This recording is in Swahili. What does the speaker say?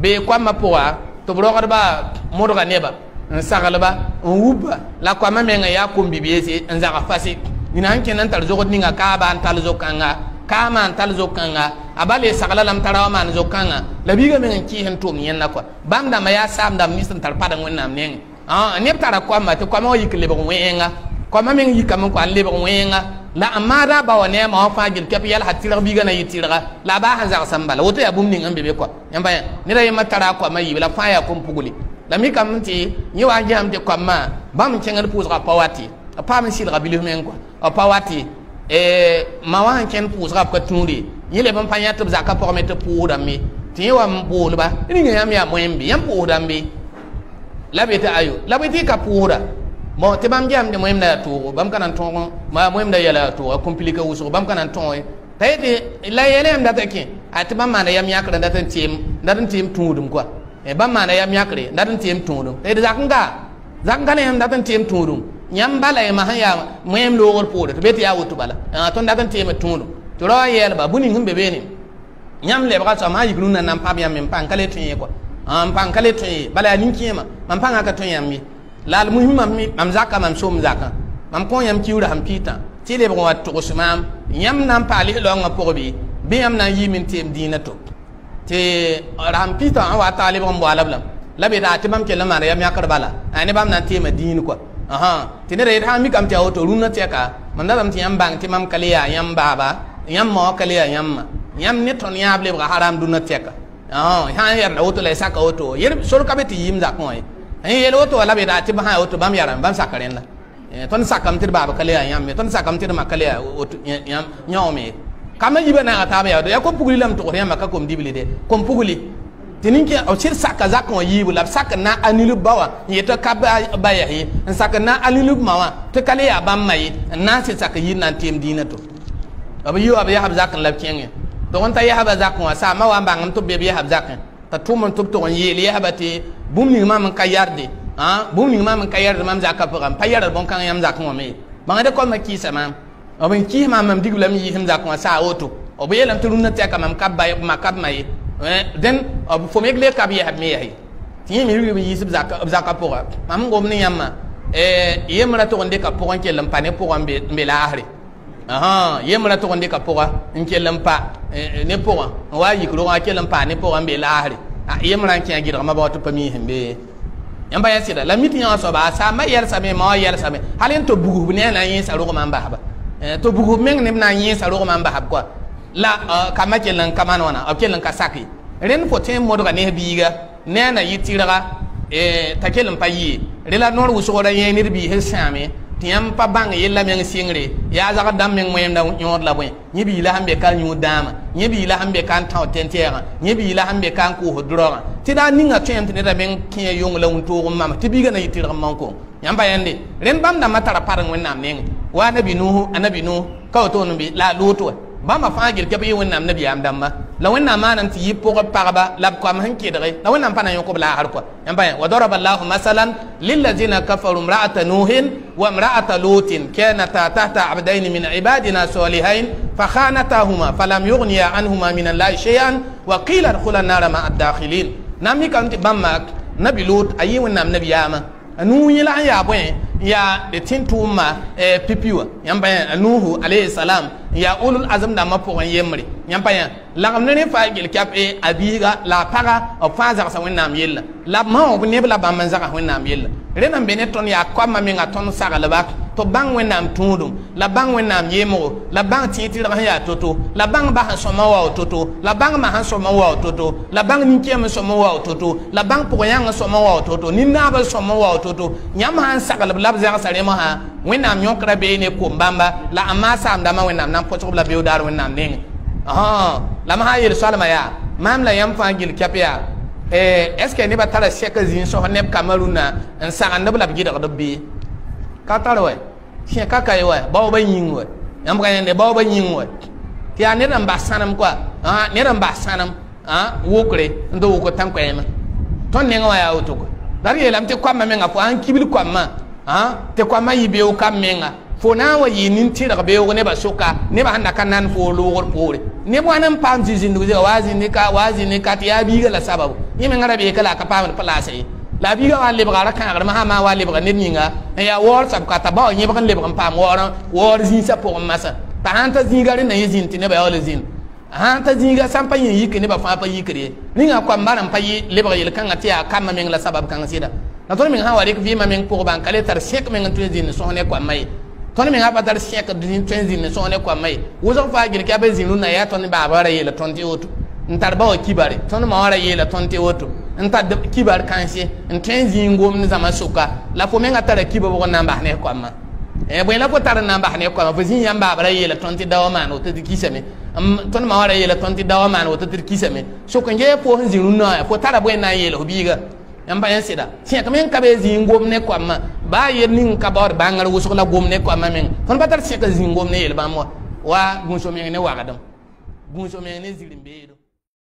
bee koamã pʋga tɩ b rogdba modga neba n saglba n wubba la koamã meng n yaa kom bibeese n zags fase dĩna n kẽnd n tar zogd ninga kaaba n tall zok-kãnga kaa maan tall zok-kãnga a bale sagla lame tara wa maan zok-kãnga la biiga meng n kɩɩs n tʋʋm yẽnda kɔa bãmb dãmbã yaa saam dãmb nins n tar padg wẽnnaam nengẽ tara koamã tɩ koamã wa yik lebg wẽnga koamã meng yikame n kɔa n la n maada a ba wa neɛmã wã fãa gel kɛp yɛlsa na yɩ tɩrga la a baa sẽn zags n bũmb ning n be be yãmba neda yẽ matara kwa a koamã yibla fãa yaa kom-pugli la mikame tɩ ni wa n gesam tɩ koamã bãmb n kẽngd pʋʋsga pa wa pa e, mi n sɩlga bilu men kwa pa wa e ma wa n kẽnd pʋʋsga b ka tũude yẽ leb n pa yã tɩ pour zakã pʋgme tɩ pʋʋsdame tɩ yẽ wa n pʋʋsdba ninga yãmb yaa moẽmbe yãmb pʋʋsdãmbe la beta tɩ ayo la beti ka pʋʋsda mo te bãmb jam de moẽmda na to bãmb ka na n ma moẽmda yɛla yaa tooga komplika wʋsgo bãmb ka na n tõoe t'a yetɩ la yɛla yãmb data kẽ a tɩ bãmb maanda yam yãkr n dat n teem dat n tɩɩm tũudum koa eh, bãmb maana eh, yam yãkre dat n tɩɩm tũudum d zakẽnga zakẽnga ne sẽn dat n tɩɩm tũudum yãmb bala ye masẽn yaa wẽem loogr poore tɩ be tɩ yaa woto bala tõnd dat n tɩɩm tũudum tɩ ra wa yɛɛlba ah, bũ ning sẽn be beene yãmb lebga soa maa yik rũnnã na n pam yãmb me n pãng ka le tõe ye koa n pãng ka le tõe ye bala yaa nin-kẽema mam pãngã ka tõe yãmb ye la al muhim mam zakã mam som zakã mam kõ yãmb kiura ham piitã tɩ lebg n wa togs maam yãmb na n paa lislɔngã pʋg bɩ bɩ yãmb na n yɩɩm n tɩɩm dĩinã to ti ram pita an wa talib bo alablam labe da ti bam ke lamar ya mi akar bala ani bam nan ti madini ko aha ti ne re ha mi kam ti auto runa ti ka man dalam ti yam bang ti mam kaliya yam baba yam mo kaliya yam yam ni ton ya ble ga haram dunna ti ka aha ha yer na auto le sa ka auto yer sur ka beti yim za ko ai ai yel auto labe da ti ba auto bam yaram bam sakaren la ton sakam ti baba kaliya yam ton sakam ti ma kaliya auto yam nyaome kama yiba na ataba ba do ya ko pugli lam to rema ka kom dibli de kom pugli tinin ke o sir saka za ko yibu la saka na anilu bawa ye to ka ba ya yi saka na anilu mawa to kale ya ban mai na se saka yin nan tem dina to abu yiwa ba ya hab zakan lab kenge to on ta ya hab zakan sa ma wa bangam to be ya hab zakan ta tumon to to on yele ya habate bum ni ma man kayarde ah bum ni ma man kayarde mam zaka pagam payar bon kan yam zakan wa me bangade ko ma kisa mam b n kɩɩs maam mam digb lame yɩɩsem zak wã saa woto b yeelame tɩ rũndã tɛka mam kab ma kab ma ye dẽn eh, b fo meg le kab yɛsb me yɛse tɩ yẽ me rɩg b yɩɩs b zakã pʋga mam gom ne yãmbã eh, yem ra tʋg n dɩka pʋgã n kell n pa ne pʋgã n be laasre yem ra tʋg n dɩka pʋga n kell n pa ne pʋgã n wa yik rogã kell n pa ne pʋgã n be laasre yem ra n kẽ a gɩdgmã bao tɩ pa miisẽn bee yãmba yã sɩda la mi tɩ soaba a saa ma yɛlsame ma wa yɛlsame hal n to bugsb ne a na n yẽsa rʋg mam basba Eh, to bugu meng neb na yin saro ma mba basb koa la kambã ke lan kama man na o eh, ke lan ka saki ren fo tẽen modga ne biiga ne a na yɩ e eh, t'a ke lan payi re la nor noor wʋsgda yẽ ned bi he tɩ yãmb pa bang bãng la meng singre ya za zag dam meng moyem da yõod la boy nyi bi la hambe kan nyu dama nyi bi la hambe kan ta n tãod tẽn-tɛɛgã yẽ bii la sẽn be ka n koosd ti da ni nga tem ne da meng kẽa yong la wʋn-toog n mama biiga na yɩ tɩrg man ko yamba pa ren bam da matara parang wen na meng wa nabi nuhu anabi nuhu ka to no bi la lutu bãmba fãa gel kɛ b yɩ wẽnnaam nabiyaam dãmba la wẽnnaam maana tɩ yɩ pʋg pagba la b koam sẽn kɩdge la wẽnnaam pa na ko b har ko yãmba yẽ wa daraba allah masalan lil ladina kafaru imra'at nuhin wa imra'at lutin kanata tahta abdain min ibadina salihain fa fakhanatahuma falam yughniya anhuma min allahi shay'an wa qila dkhula nar ma addakhilin nami kan ti bãmba nabi lut ayi yɩ wẽnnaam nabiyaamã a nuu yẽ la sẽn yaa ya de tin tuma e eh, pipiwa yamba ya eh, nuhu alayhi salam ya ulul azam da mapo wan yemri yamba ya la gamne ne fa gel kap e eh, abiga la para o fa za sa wennam yella la ma o ne bla ba man za wennam yella renan beneton ya kwa ma mi ngaton sa galabak tɩ bãng wẽnnaam tũudum la bãng wẽnnaam yemgo la bang tɩ tɩ rãb sẽn yaa to-to la bang ba sẽn sõma n wao la bang ma sẽn sõma n wao la bang nin-kẽem n sõma n la bang pʋg-yãng n sõma n wao to-to nin-naab n sõma n wao to-to yãmb sã n saglb la b zãgsa rẽmsã wẽnnaam yõkra bee ne kom bãmba la a maa saamdãmbã wẽnnaam na n põsg b la beodaar wẽnnaam nengẽ la m sã n yel soalmã yaa maam la yãmb fãa gil kɛp est ce que nebã tara sɛka zĩig sõs neb kamarunã n sagend b la b gɩdgd b bɩ ka tar sẽ ka kai wa bao ba yin wa yam ka ne bao ba yin wa ti ya ne ba sanam kwa ah ne ba sanam ah wukre ndo wuko tan kwa yema ton ne wa ya utuko dar ye lam te kwa ma menga fo a kibil kwa ma ah te kwa ma yibe o kam menga fo na wa yi nin ti daga be o ne ba soka ne ba handa kan nan fo lo gor pore ne mo nan pam zindu ze wazi ne ka wazi ne ka ti ya bi ga la sababu yimen ngara be kala ka pam place la biga wa lebra ra kan ma ma wa lebra ne ninga ya wor sab ka ta ba yin kan lebra pam wor wor zin sa po masa ta hanta ga ne yin zin tine ba wala zin hanta ga sam pa yin yike ne ba fa pa yikre ninga kwa ma ran pa yi lebra yel kan ati ya kam men la sabab kan da na to min ha wa rek vi ma min ko ban kale tar shek min tu zin so ne kwa mai to min ha ba tar sẽk d tõe n zĩnd n sõg ne koamã ye wʋsg faa gɩr kɛa ba ya to ni ba ba ra yel tõnd tɩ woto n tar ba o kibare tõnd ma wã ra yeela tõnd tɩ woto An ta kibar kansi, an ten zin gom ne zama soka, la fo men a tara kibar pou nan bahne kwa man. E eh, mwen la pou tara nan bahne kwa man, pou zin yambab la yele 30 dawa man wote di ki seme. An ton mawa la yele 30 dawa man wote di ki seme. So konje pou zin nou nan, pou tara pou ena yele ou biga. E mwen ba yanseda. Siyak men kabe zin gom ne kwa man, ba yele nin kaba ori bangar wosok la gom ne kwa man men. Ton patar seke zin gom ne yele ba mwa. Wa, goun somen genye wakadon. Goun somen genye zilin beye do.